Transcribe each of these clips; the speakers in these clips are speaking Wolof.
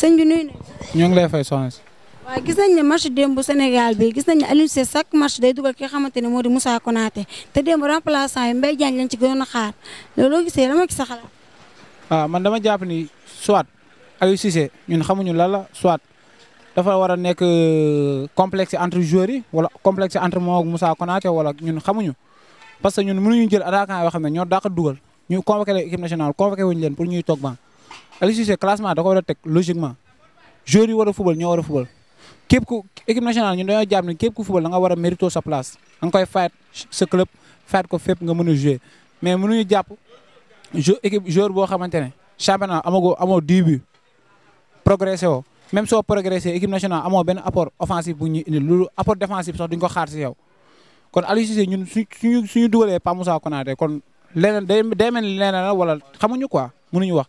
sëñ bi nuyu nañu. ñu ngi lay fay soxna si. waaw gis nañ ne match démb bu Sénégal bi gis nañ ne Aliou Cissé chaque match day ki nga xamante ne moo di Moussa Konaté te démb remplaçant yi Mbaye Diagne lañ ci gënoon a xaar looloo gisee dama ci sa xalaat. waaw ah, man dama jàpp ni soit Aliou ñun xamuñu lan la soit dafa war a nekk euh, complexe entre joueurs yi wala complexe xam ne ñoo dàq dugal ñu convoqué leen équipe nationale convoqué wuñu leen pour ñuy toog banc Aliou Cissé classement da ko war a teg logiquement joueurs yi war a fubal ñoo war a fubal képp ku équipe nationale ñun dañoo jàpp ne képp ku fubal da nga war a mérito sa place da nga koy fayat sa club fayat ko fépp nga mën a jouer mais mënuñu jàpp jou équipe joueur boo xamante ne championnat amagoo amoo dix buts progressé woo même soo progressé équipe nationale amoo benn apport offensif bu ñu indi loolu apport défensif sax duñ ko xaar si yow kon Aliou Cissé ñun suñu suñu dugalee Pa Moussa Konaté kon leneen day day mel ni leneen la wala xamuñu quoi wax.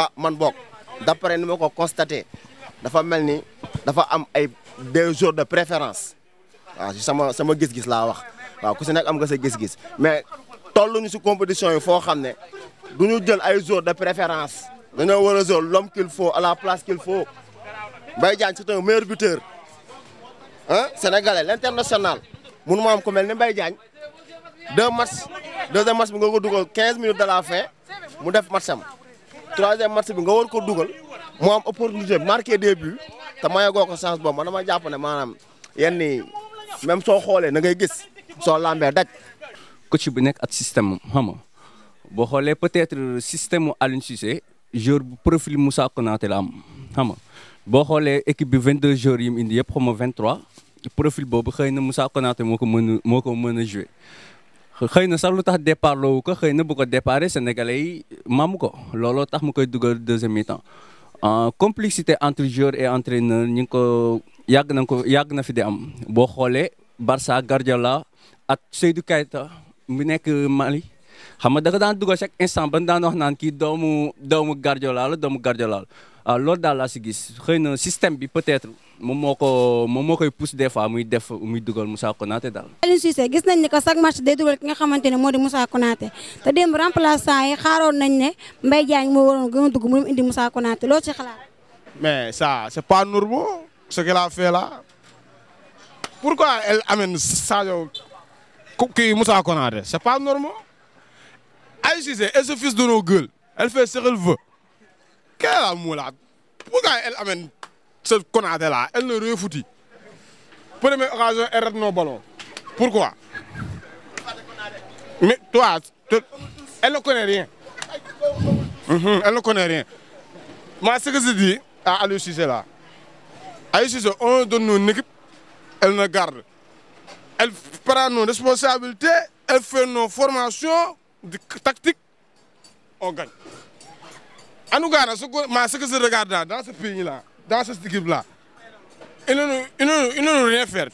ah man bok d'après ni ma ko constaté dafa melni dafa am ay deux jours de préférence wa ah, si sama sama gis-gis la wax waaw ku si nekk am nga sa gis-gis mais tolluñu ci compétition yi fo xamné duñu jël ay jours de préférence dañoo wara a jël l'homme qu'il faut à la place qu'il faut Mbaye Diagne c'est un meilleur buteur hein sénégalais l'international mënu ma am ko melni ni Mbaye Diagne deux matchs deuxième match bi nga ko dugal 15 minutes de la fin mu def match am troisième match bi nga war ko dugal mu am opportunité marqué des buts te mayagoo ko chance boobu man dama jàpp ne maanaam yenn même soo xoolee na ngay gis soo lambee daj. coach bu nekk ak système xam nga boo xoolee peut-être système mu Aliou Cissé bu profil Moussa konaate la am xam nga boo xoolee équipe bi 22 joueurs yi mu indi yëpp xam nga 23 profil boobu xëy na Moussa Konaté moo ko mën a moo ko mën a jouer. xëy na sax lu tax départ loowu ko xëy na bu ko déparé sénégalais maam ko looloo tax mu koy dugal deuxième mi en complicité entre joueur et entraîneur ñu ngi ko yàgg na ko yàgg na fi di am boo xoolee Barça Guardiola ak Seydou Keita mu nekk Mali xam nga da daan dugal chaque instant ba daan wax naan kii doomu doomu Guardiola la doomu Guardiola la waaw euh, loolu daal laa si gis xëy na système bi peut-être moom moo ko moom moo koy pousse des fois muy def muy dugal Moussa Konaté daal. Aliou Cissé gis nañ ni que chaque match day dugal ki nga xamante ne moo di Moussa Konaté te démb remplaçant yi ne Mbaye Diagne moo waroon gën a loo ci xalaat. mais ça c'est pas normal ce qu'il la fait là pourquoi elle amène Sadio kii Moussa Konaté c'est pas normal Aliou Cissé est ce fils de nos gueules elle fait ce qu'elle Pourquoi Pourquoi elle amène ce cette là? elle le refoutit. Première occasion, elle rate nos ballons. Pourquoi Mais toi, elle ne connaît rien. Mhm, elle ne connaît rien. Moi, ce que je dis à Aliou c'est là, Aliou on donne une équipe, elle nous garde. Elle prend nos responsabilités, elle fait nos formations tactiques, on gagne. En tout cas, ce que je regarde là, dans ce pays-là, dans cette équipe-là, ils ne nous rien faire.